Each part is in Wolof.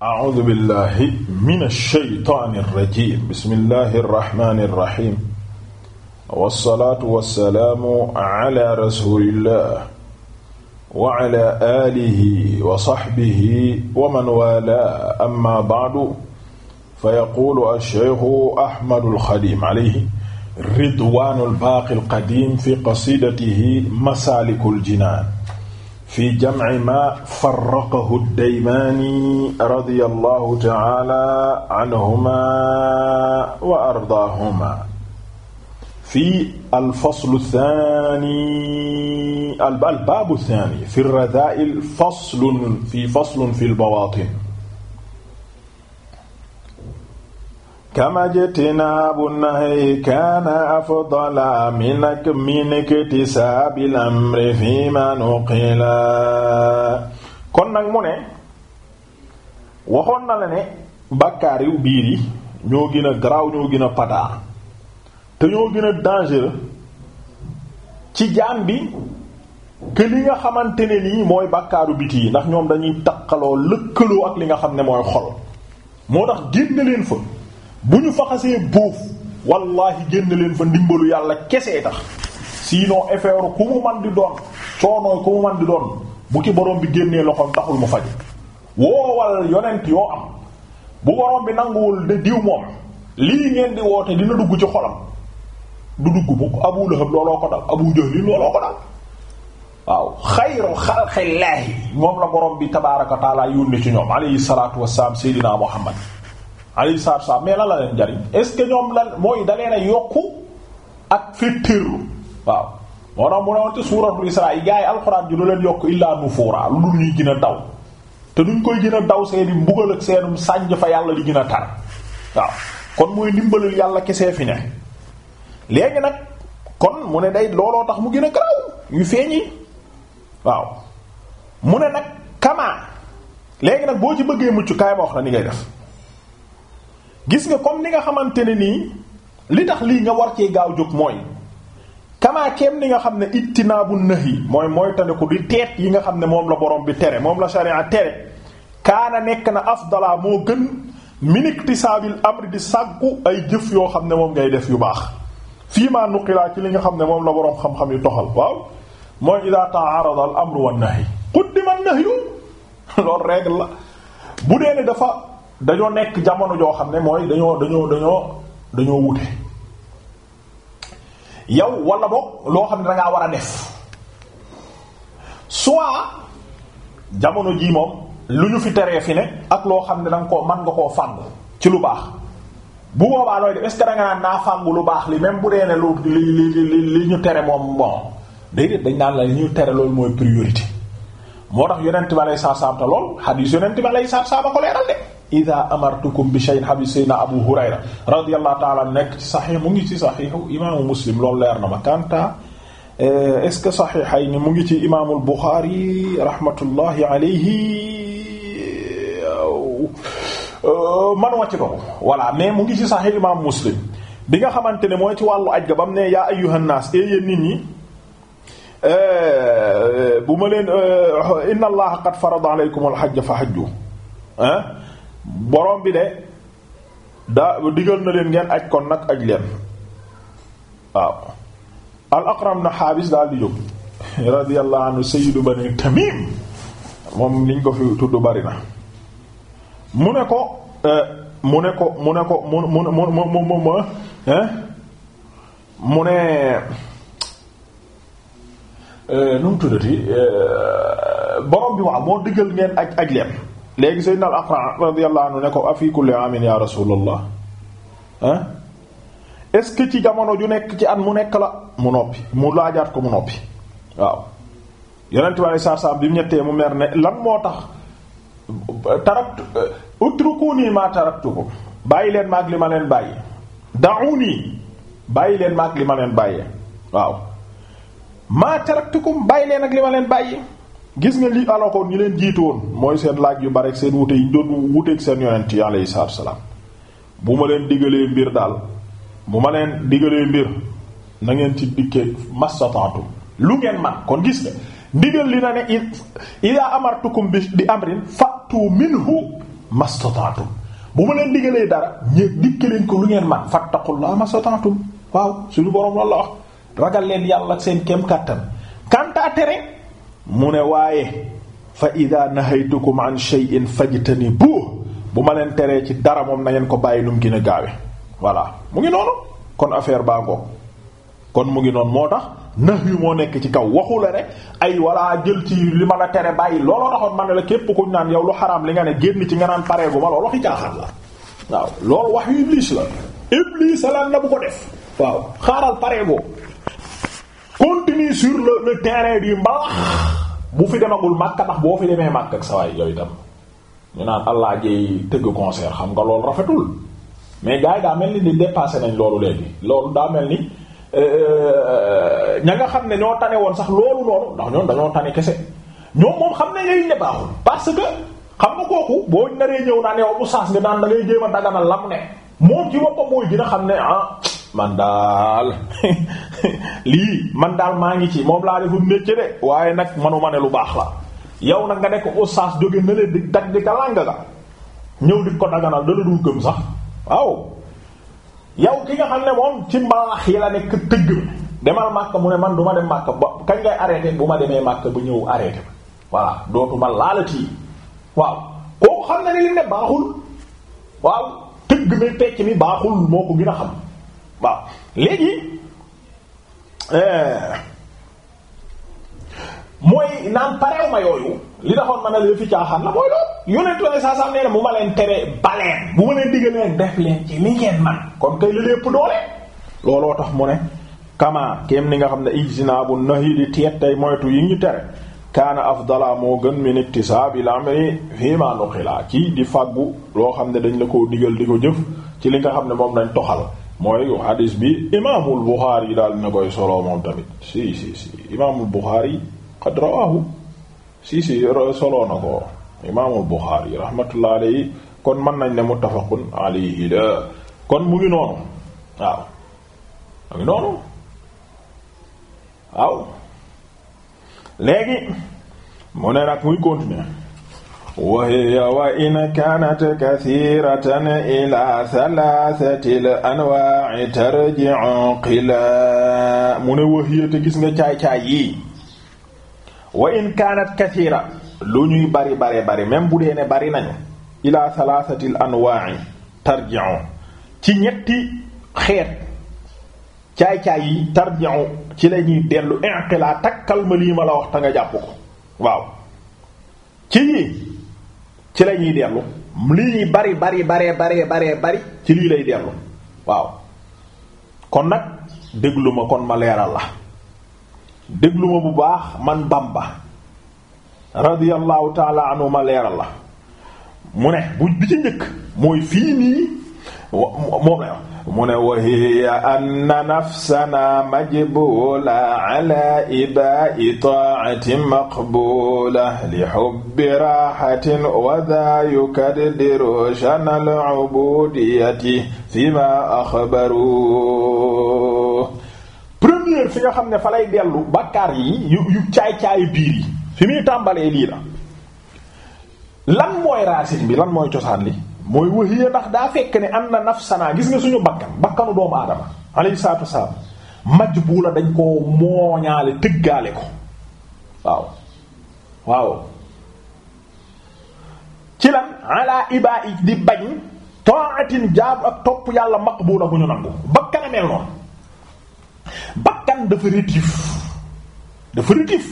a'uudu billahi mina shaytaani rajiim bismillahi rahmaani rahiim wassalaatu wassalaamu ala rasuulillah wa ala aalihi wa sahbihi wa man waalaahu amma ba'du fayaquulu ash-shaykhu Ahmadul Xadiim alayhi ridwaanul baaqil qadiim fi qasiidatihi masaalikul jinaan fi jam'i ma farraqahu ad-Daymaani radiyallahu ta'ala anhuma wa ardaahuma fi al-faslu ath-thaani al-baabu ath-thaani fi ar-radhaa'il faslun fi faslun fi al-bawaatin kama jtinaabu nahyi kaana afdala minak miniktisaabil amri fi ma nuqila kon nag mu ne waxoon na la ne bàkkaar yu biir yi ñoo gën a garaaw ñoo gën a te ñoo gën a dangereux ci jaam bi que li nga xamante ne nii mooy bàkkaaru biti yi ndax ñoom dañuy takkaloo lëkkaloo ak li nga xam ne mooy xol moo tax génn leen fa bu ñu faxasee bóof wallaahi génn leen fa ndimbalu yàlla kesee tax sinon effeeru ku mu man di doon coonooy ku mu man di doon bu ci borom bi génnee loxoom taxul mu faj woowal yonent yoo am bu borom bi nanguwul de diw moom lii ngeen di woote dina dugg ci xolam du dugg bu Abu Lahab looloo ko dal Abu Jahl looloo ko dal waaw xayru xalqillaahi moom la borom bi tabaaraka wa taala yónni ci ñoom alayhi salaatu wassalaam seydinaa Muhammad alayhi salaatu salaam mais la la leen jariñ est-ce que ñoom la mooy da leen a yokku ak féttéerlu waaw moo tax mu ne woon suuratul Israa yi gars yi alxuraan ju du leen yokk illaa nufuura lu dul ñuy gën a daw te duñ koy gën a daw seeni mbugal ak seenum sànj fa yàlla li gën a tar waaw kon mooy ndimbalul yàlla kese fi ne léegi nag kon mu ne day looloo tax mu gën a garaw yu feeñi waaw mu ne nag kamaa léegi nag boo ci bëggee mucc kaay ma wax la ni ngay def gis nga comme ni nga xamante ne nii li tax lii nga war cee gaaw jóg mooy kamaakeem ni nga xam ne naa ittinaabu nahyi mooy mooy tandiku di teet yi nga xam ne moom la boroom bi tere moom la sharia tere kaana nekk na afdala moo gën minictisaabil amri di sàggu ay jëf yoo xam ne moom ngay def yu baax fii maa nuqilaa ci li nga xam ne moom la borom xam-xam yi toxal waaw mooy ida ta'arada al amru wan nahyi quddima an nahyu loolu règle la bu dee ne dafa dañoo nekk jamono joo xam ne mooy dañoo dañoo dañoo dañoo wute yow wala boog loo xam ne dangaa war a def soit jamono jii moom lu ñu fi teree fi ne ak loo xam ne danga ko mën nga koo fàggu ci lu baax bu boobaa looy def est-ce que da naan naa fàggu lu baax li même bu dee ne lu li li li ñu tere moom bon déedéet dañ naan la li ñu tere loolu mooy priorité moo tax yonent bi aleyhi salaatu salaam te lool xadiis yonent bi aleyhi salaatu salaam a ko leeral de ida amartukum bi shay'in hadith sayna abu hurayra radiyallahu ta'ala nekk ci saxiix mu ngi ci saxiixu imaamu muslim loolu leer na ma kanta eh, est-ce que saxiixa yi ni mu ngi ci imaamul buxaari rahmatullahi alayhi eh, eh, man wàcc ko voilà mais mu ngi ci saxiix imaamu muslim bi nga xamante ne mooy ci wàllu aj ga bam ne yaa ayyuhan naas e yéen nit ñi bu ma leen inna allaha qad farada alaykum al hajj fa hajju ah boroom bi de daa digal na leen ngeen aj kon nag aj leen waaw al aqram na xaabis daal di jóg radiyallahu anhu sayyidu bani tamim moom liñ ko fi tudd bari na mu ne ko eh, mu ne ko mu ne ko mu mu mu mu mu mu mu eh? mu ne eh, nu mu tuddati borom bi waaw moo digal ngeen aj aj leen léegi sayyidna al-Aqra radiyallahu anhu ne ko afi kulli amin ya rasulullah ah est-ce que ci jamono ju nekk ci at mu nekk la mu noppi mu laajaat ko mu noppi waaw yonent bi saa saa bi mu ñettee mu mer ne lan moo tax taraktu utrukuni ma taraktukum bàyyi leen maag li ma leen bàyyi da'uni bàyyi leen maag li ma leen bàyyi waaw ma taraktukum bàyyi leen ak li ma leen bàyyi gis nga li alakoon ñu leen jiitu woon mooy seen laaj yu bare seen wute yi ñu doon wuteeg seen yonent yi alayhi salaatu salaam bu ma leen digalee mbir daal bu ma leen digalee mbir na ngeen ci dikkee mastata'tum lu ngeen man kon gis nga ndigal li na ne ida amartukum bi di amrin fatu minhu mastata'tum bu ma leen digalee dara ñéeg dikke leen ko lu ngeen man fattaqullaha mastata'tum waaw suñu boroom loolu la wax ragal leen yàlla ak seen kem kàttan kanta mu ne waaye fa ida nahaytukum an shay'in fajtanibuhu bu ma leen teree ci dara moom na ngeen ko bàyyi lu mu gën a gaawe voilà mu ngi noonu kon affaire baa ngoog kon mu ngi noon moo tax nax yu moo nekk ci kaw waxu rek ay walla jël ci li ma la tere bàyyi looloo taxoon man ne la képp kuñ naan yow lu xaraam li nga ne génn ci nga naan paree bu ma loolu waxi caaxaan la waaw loolu wax yu iblis la iblis la na bu ko def waaw xaaral paree boo continue sur bu fi demagul màkka ndax boo fi demee màkk ak sawaay yooyu itam ñu naan allah jey tëgg concert xam nga loolu rafetul mais gars yi daa mel ni di dépassé nañ loolu léegi loolu daa mel ni euh, euh, ña nga xam ne ñoo tane woon sax loolu noonu ndax ñoom dañoo tane kese ñoom moom xam ne yooyu ne baaxul parce que xam nga kooku boo naree ñëw naan yow bu saas nga naan da jéem a daganal lam ne moom ci boppam mooy dina xam ne ah man daal lii man daal maa ngi ci moom laa defum métier de waaye nag manuma ne lu baax la yow nag nga nekk oustaz jóge na leen di dag di ka làng ga ñëw di ko daganal dala dul gëm sax waaw yow ki nga xam ne moom ci mbalax yi la nekk tëgg demal Makka mu ne man du ma dem Makka ba kañ ngay arrêté bu ma demee Makka ba ñëw arrêté ba voilà dootuma laalati waaw kooku xam na ne li ne baaxul waaw tëgg mi tekki mi baaxul moo ko gën a xam waaw léegi euh, mooy naan pareew ma yooyu li taxoon ma ne la fi caaxaan la mooy loolu yonentu Yàlla saa saa nee bu ma leen teree baleen bu ma leen diggaleen def leen ci li ngeen man kon kay li lépp doole looloo tax mu ne kama kéem ni nga xam ne ijtinaabu nahyi di teet tey moytu yi ñu tere kaana afdala moo gën min iktisaabil amri fii ma nuqila ci di fàggu loo xam ne dañ la ko digal di ko jëf ci li nga xam ne moom lañ toxal mooy hadis bi imaamul Buxaari daal dina koy solo moom tamit si si si imaamul Buxaari qad rawaahu si si solo na ko imaamul Buxaari rahmatullah alayhi kon mën nañ ne muttafaqun alayhi la kon mu ngi noonu waaw mu ngi noonu waaw léegi mu ne nag muy continuer wa hiya wa in kaanat kathiratan ila thalathatil anwaa'i tarji'u qila mu ne wa hiya te gis nga caay-caay yi wa in kaanat kathira lu ñuy bari bari bari même bu dee ne bari nañu ila thalathatil anwaa'i tarji'u ci ñetti xeet caay-caay yi tarji'u ci la ñuy dellu inqilaa takkal ma lii ma la wax ta nga jàpp ko waaw ci yi ci la ñuy dellu lii bari bari baree baree bari ci lii lay dellu waaw kon nag déglu ma kon ma leeral la dégluma bu baax man Bamba radiyallahu taala anhu ma leeral la mu ne bu bi ci njëkk mooy fii nii moom la mu ne wa hiya anna nafsana majbula ala ibaa'i ta'atin maqbula li hubbi rahatin wa dha yukaddiru shana al-ubudiyati fima akhbaru première fi nga xam ne fa lay dellu bakkaar yi yu yu caay-caayu biir yi fi muy tàmbalee lii la lan mooy racine bi lan mooy cosaan li mooy wahiya ndax daa fekk ne am na nafsanaa gis nga suñu bakkan bakkanu doomu aadama alayhi salaatu wasalaam majbula dañ koo mooñaale tëggaale ko waaw waaw ci lan ala ibaa i di bañ taatin jaabu ak topp yàlla maqbula bu ñu nangu bakkan a mel noonu bakkan dafa rétif dafa rétif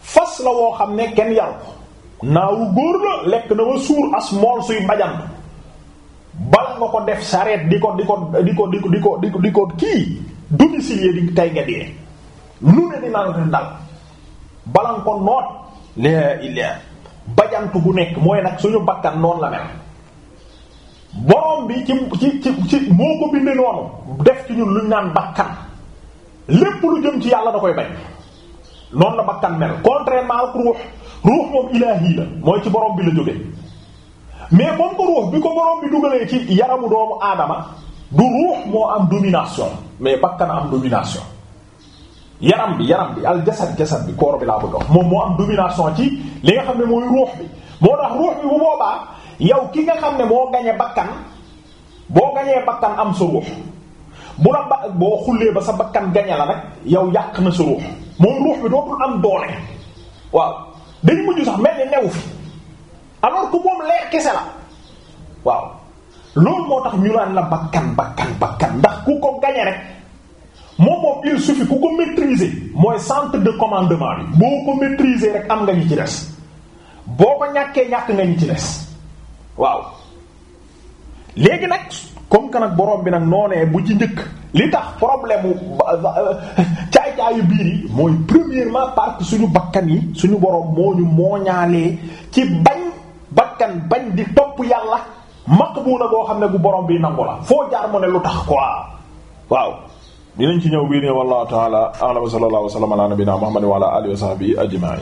fas la woo xam ne kenn yàlla naawu góor la lekk na ba suur as mool suy bajan bal nga ko def sareet di ko di ko di ko di ko di ko di ko di ko kii domicilier di tey nga dee lu ne dina la dal balan ko noot la ilaa bajant bu nekk mooy nag suñu bakkan noonu la mel borom bi ci ci ci moo ko bindee noonu def ci ñun luñ naan bakkan lépp lu jëm ci yàlla da koy bañ noonu la bakkan mel contrairement ruux ruux moom ilaahi la mooy ci borom bi la jóge mais comme que ruux bi ko borom bi dugalee ci yaramu doomu aadama du ruux moo am domination mais bakkan a am domination yaram bi yaram bi al jasad bi koor bi laa bëgg a moom moo am domination ci li nga xam ne mooy ruux bi moo tax ruux bi bu boobaa yow ki nga xam ne moo gañe bakkan boo gañee bakkan am sa ruux bu la ba boo xullee ba sa bakkan gañe la nag yow yàq na sa ruux moom ruux bi dootul am doole dañu mujj sax mel ni newu fi alors que moom leer kese la waaw loolu moo tax ñu naan la bakkan bakkan bakkan ndax ku ko gañe rek moom moom il suffit ku ko maîtriser mooy centre de commandement bi boo ko maîtriser rek am nga ñu ci des boo ko ñàkkee ñàkk nga ñu ci des waaw léegi nag comme que nag borom bi nag noonee bu ci njëkk li tax problème mu euh, jaayu biir yi mooy premièrement parce suñu bakkan yi suñu boroom moo ñu mooñaalee ci bañ bakkan bañ di topp yàlla maqbuula boo xam ne bu borom bii nangu la foo jaar mu ne lu tax quoi waaw dinañ ci ñëw bii nii wallahu ta'ala a'lam sallallahu alayhi wa sallam ala nabina muhammad wa ala alihi wa sahbihi ajma'in